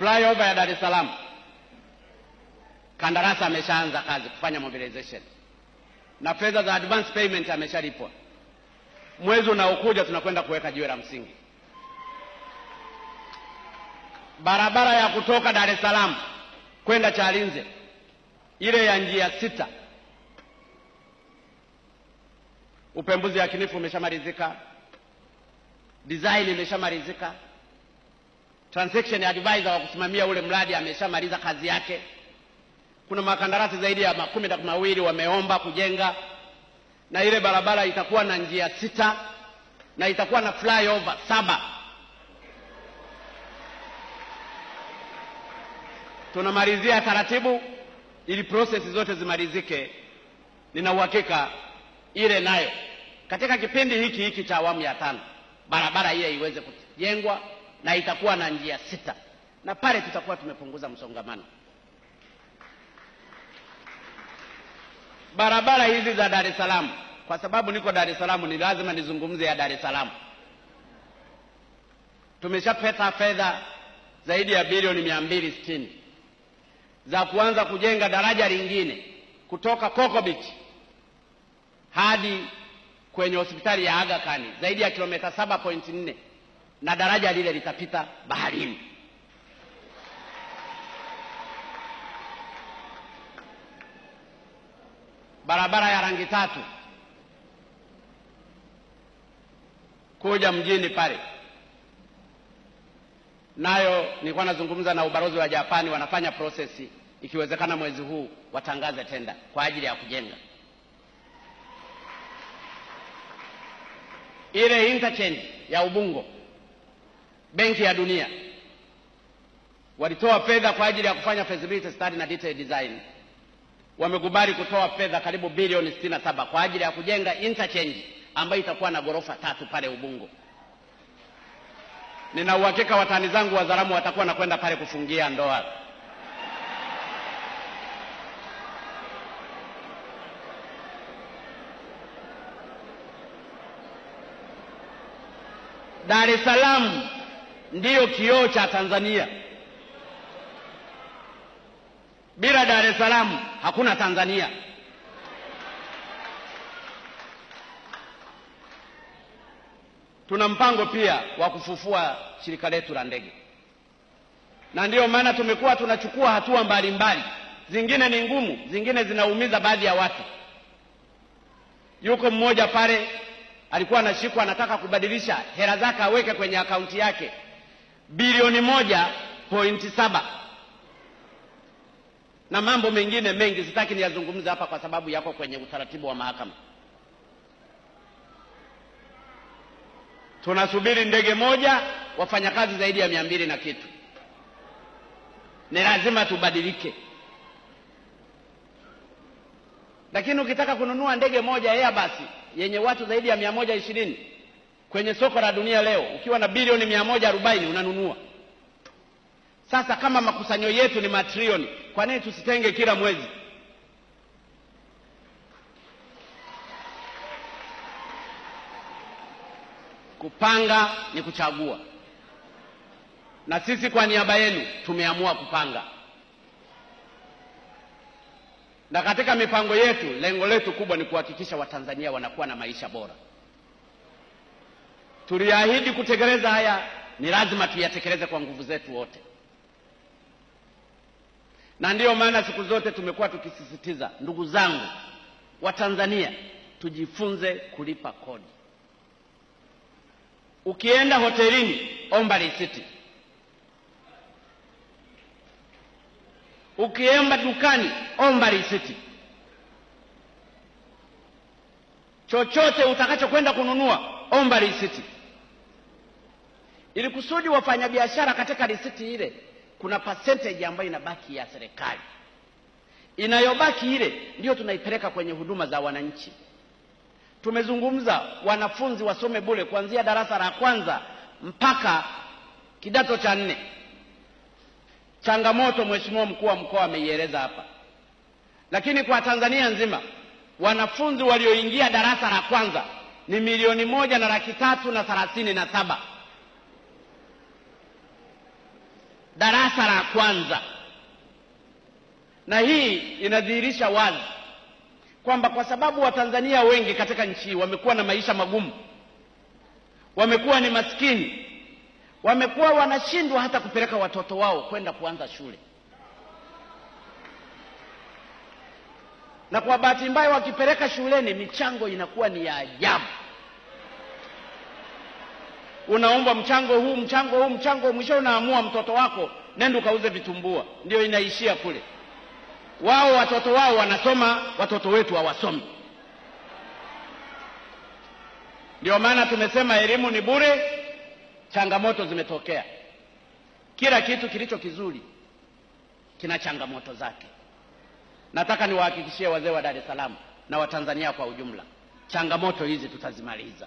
flyover ya Dar es Salaam, kandarasi ameshaanza kazi kufanya mobilization na fedha za advance payment ameshalipwa. Mwezi unaokuja tunakwenda kuweka jiwe la msingi. Barabara ya kutoka Dar es Salaam kwenda Chalinze, ile ya njia sita, upembuzi yakinifu umeshamalizika, design imeshamalizika transaction advisor wa kusimamia ule mradi ameshamaliza kazi yake. Kuna makandarasi zaidi ya makumi na mawili wameomba kujenga, na ile barabara itakuwa na njia sita na itakuwa na flyover saba. Tunamalizia taratibu ili process zote zimalizike. Nina uhakika ile nayo katika kipindi hiki hiki cha awamu ya tano barabara ile iweze kujengwa na itakuwa na njia sita, na pale tutakuwa tumepunguza msongamano. Barabara hizi za Dar es Salaam, kwa sababu niko Dar es Salaam ni lazima nizungumze ya Dar es Salaam. Tumeshapata fedha zaidi ya bilioni mia mbili sitini za kuanza kujenga daraja lingine kutoka Kokobit hadi kwenye hospitali ya Aga Khan zaidi ya kilomita 7.4 na daraja lile litapita baharini. Barabara ya rangi tatu kuja mjini pale, nayo nilikuwa nazungumza na ubalozi wa Japani, wanafanya prosesi, ikiwezekana mwezi huu watangaze tenda kwa ajili ya kujenga ile interchange ya Ubungo. Benki ya Dunia walitoa fedha kwa ajili ya kufanya feasibility study na detail design. Wamekubali kutoa fedha karibu bilioni 67 kwa ajili ya kujenga interchange ambayo itakuwa na ghorofa tatu pale Ubungo. Nina uhakika watani zangu Wazaramu watakuwa na kwenda pale kufungia ndoa. Dar es Salaam ndiyo kioo cha Tanzania. Bila Dar es Salaam hakuna Tanzania. Tuna mpango pia wa kufufua shirika letu la ndege, na ndiyo maana tumekuwa tunachukua hatua mbalimbali mbali. Zingine ni ngumu, zingine zinaumiza baadhi ya watu. Yuko mmoja pale alikuwa anashikwa, anataka kubadilisha hela zake aweke kwenye akaunti yake, bilioni moja pointi saba na mambo mengine mengi sitaki niyazungumza hapa kwa sababu yako kwenye utaratibu wa mahakama. Tunasubiri ndege moja, wafanyakazi zaidi ya mia mbili na kitu. Ni lazima tubadilike, lakini ukitaka kununua ndege moja Airbus yenye watu zaidi ya mia moja ishirini Kwenye soko la dunia leo ukiwa na bilioni arobaini unanunua. Sasa kama makusanyo yetu ni matrilioni, kwa nini tusitenge kila mwezi? Kupanga ni kuchagua, na sisi kwa niaba yenu tumeamua kupanga, na katika mipango yetu lengo letu kubwa ni kuhakikisha Watanzania wanakuwa na maisha bora. Tuliahidi kutekeleza haya, ni lazima tuyatekeleze kwa nguvu zetu wote, na ndiyo maana siku zote tumekuwa tukisisitiza, ndugu zangu Watanzania, tujifunze kulipa kodi. Ukienda hotelini, omba risiti. Ukienda dukani, omba risiti. Chochote utakachokwenda kununua, omba risiti ili kusudi wafanyabiashara katika risiti ile kuna percentage ambayo inabaki ya serikali, inayobaki ile ndiyo tunaipeleka kwenye huduma za wananchi. Tumezungumza wanafunzi wasome bure kuanzia darasa la kwanza mpaka kidato cha nne. Changamoto mheshimiwa mkuu wa mkoa ameieleza hapa, lakini kwa Tanzania nzima wanafunzi walioingia darasa la kwanza ni milioni moja na laki tatu na thelathini na saba. darasa la kwanza, na hii inadhihirisha wazi kwamba kwa sababu Watanzania wengi katika nchi hii wamekuwa na maisha magumu, wamekuwa ni maskini, wamekuwa wanashindwa hata kupeleka watoto wao kwenda kuanza shule, na kwa bahati mbaya wakipeleka shuleni michango inakuwa ni ya ajabu unaomba mchango huu mchango huu mchango, mwisho unaamua mtoto wako nenda ukauze vitumbua, ndio inaishia kule. Wao watoto wao wanasoma, watoto wetu hawasomi. Ndio maana tumesema elimu ni bure. Changamoto zimetokea. Kila kitu kilicho kizuri kina changamoto zake. Nataka niwahakikishie wazee wa Dar es Salaam na Watanzania kwa ujumla, changamoto hizi tutazimaliza.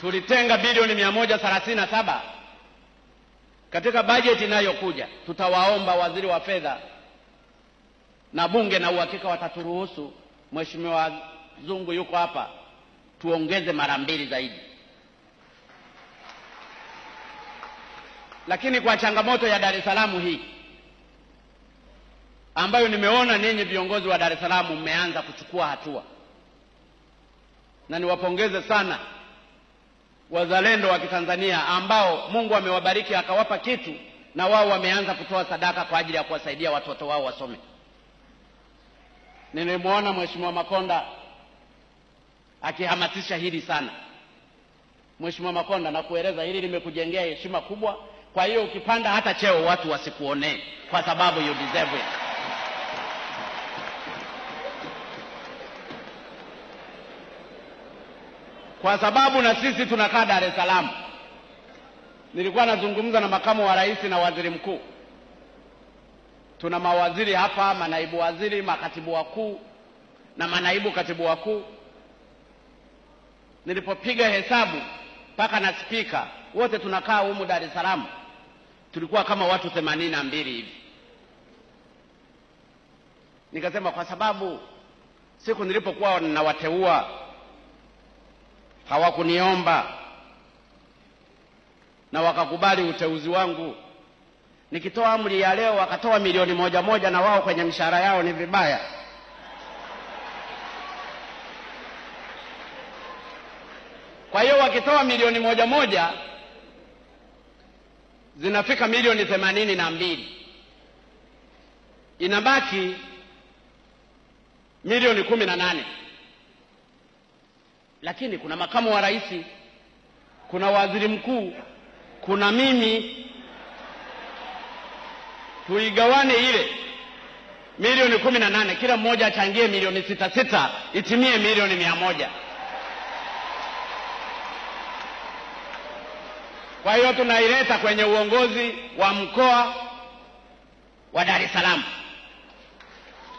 tulitenga bilioni 137 katika bajeti inayokuja. Tutawaomba waziri wa fedha na bunge, na uhakika wataturuhusu. Mheshimiwa Zungu yuko hapa, tuongeze mara mbili zaidi. Lakini kwa changamoto ya Dar es Salaam hii ambayo nimeona ninyi viongozi wa Dar es Salaam mmeanza kuchukua hatua, na niwapongeze sana wazalendo wa Kitanzania ambao Mungu amewabariki akawapa kitu, na wao wameanza kutoa sadaka kwa ajili ya kuwasaidia watoto wao wasome. Nilimwona Mheshimiwa Makonda akihamasisha hili sana. Mheshimiwa Makonda, nakueleza hili limekujengea heshima kubwa. Kwa hiyo ukipanda hata cheo watu wasikuonee, kwa sababu you deserve it. kwa sababu na sisi tunakaa Dar es Salaam. Nilikuwa nazungumza na makamu wa rais na waziri mkuu, tuna mawaziri hapa, manaibu waziri, makatibu wakuu na manaibu katibu wakuu. Nilipopiga hesabu mpaka na spika, wote tunakaa humu Dar es Salaam, tulikuwa kama watu themanini na mbili hivi. Nikasema kwa sababu siku nilipokuwa nawateua hawakuniomba na wakakubali uteuzi wangu. Nikitoa amri ya leo wakatoa milioni moja moja na wao kwenye mishahara yao ni vibaya. Kwa hiyo wakitoa milioni moja moja zinafika milioni themanini na mbili inabaki milioni kumi na nane lakini kuna makamu wa rais, kuna waziri mkuu, kuna mimi. Tuigawane ile milioni kumi na nane, kila mmoja achangie milioni sita sita, itimie milioni mia moja. Kwa hiyo tunaileta kwenye uongozi wa mkoa wa Dar es Salaam,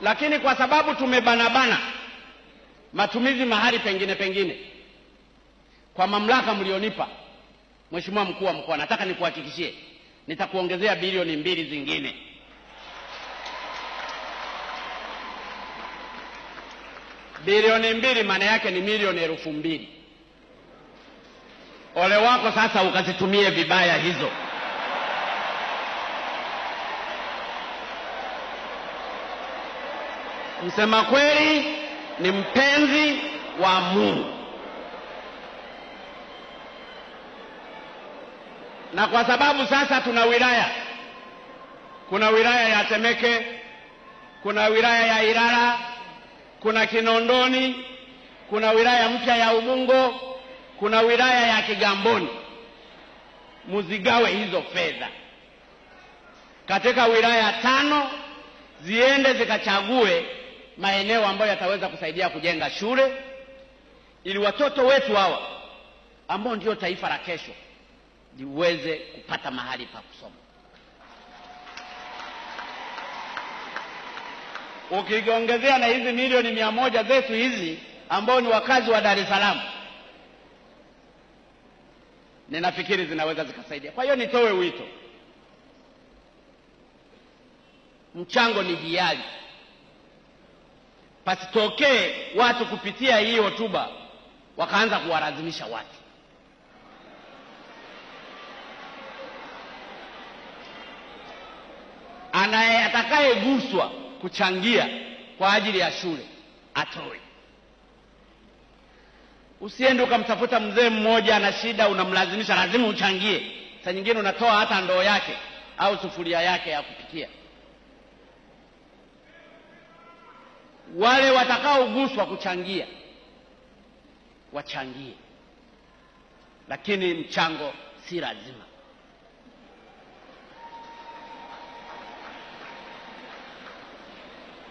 lakini kwa sababu tumebanabana matumizi mahali pengine pengine, kwa mamlaka mlionipa, Mheshimiwa mkuu wa mkoa, nataka nikuhakikishie nitakuongezea bilioni mbili zingine. Bilioni mbili maana yake ni milioni elfu mbili. Ole wako sasa ukazitumie vibaya hizo. Msema kweli ni mpenzi wa Mungu, na kwa sababu sasa tuna wilaya, kuna wilaya ya Temeke, kuna wilaya ya Ilala, kuna Kinondoni, kuna wilaya mpya ya Ubungo, kuna wilaya ya Kigamboni. Muzigawe hizo fedha katika wilaya tano, ziende zikachague maeneo ambayo yataweza kusaidia kujenga shule ili watoto wetu hawa ambao ndio taifa la kesho liweze kupata mahali pa kusoma. Ukiongezea na hizi milioni mia moja zetu hizi ambao ni wakazi wa Dar es Salaam, ninafikiri zinaweza zikasaidia. Kwa hiyo nitoe wito, mchango ni hiari pasitokee watu kupitia hii hotuba wakaanza kuwalazimisha watu. Anaye atakayeguswa kuchangia kwa ajili ya shule atoe. Usiende ukamtafuta mzee mmoja ana shida, unamlazimisha lazima uchangie. Saa nyingine unatoa hata ndoo yake au sufuria yake ya kupikia. wale watakaoguswa kuchangia wachangie, lakini mchango si lazima.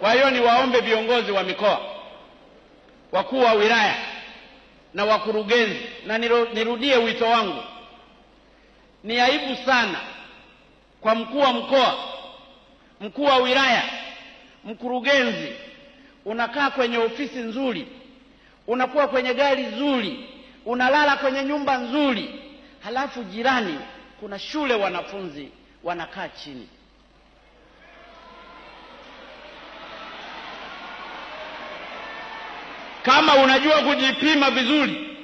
Kwa hiyo niwaombe viongozi wa mikoa, wakuu wa wilaya na wakurugenzi, na nirudie wito wangu, ni aibu sana kwa mkuu wa mkoa, mkuu wa wilaya, mkurugenzi unakaa kwenye ofisi nzuri, unakuwa kwenye gari zuri, unalala kwenye nyumba nzuri, halafu jirani kuna shule wanafunzi wanakaa chini. Kama unajua kujipima vizuri,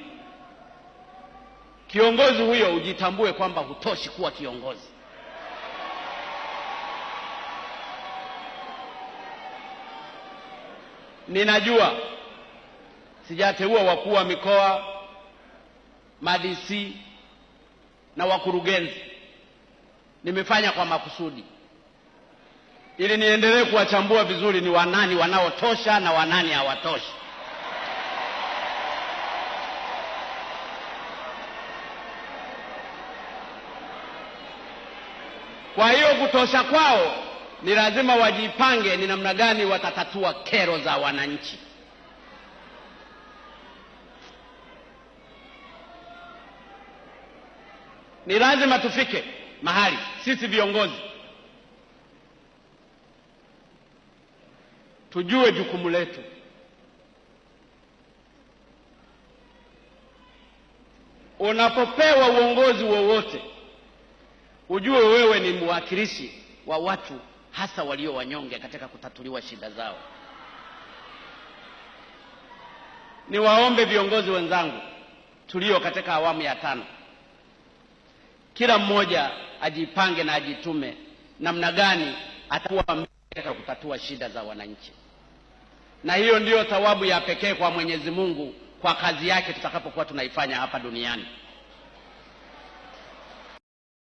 kiongozi huyo ujitambue kwamba hutoshi kuwa kiongozi. Ninajua sijateua wakuu wa mikoa, madisi na wakurugenzi. Nimefanya kwa makusudi ili niendelee kuwachambua vizuri, ni wanani wanaotosha na wanani hawatoshi. Kwa hiyo kutosha kwao ni lazima wajipange ni namna gani watatatua kero za wananchi. Ni lazima tufike mahali sisi viongozi tujue jukumu letu. Unapopewa uongozi wowote, ujue wewe ni mwakilishi wa watu hasa walio wanyonge katika kutatuliwa shida zao. Niwaombe viongozi wenzangu tulio katika awamu ya tano, kila mmoja ajipange na ajitume namna gani atakuwa mbele katika kutatua shida za wananchi, na hiyo ndiyo thawabu ya pekee kwa Mwenyezi Mungu kwa kazi yake tutakapokuwa tunaifanya hapa duniani.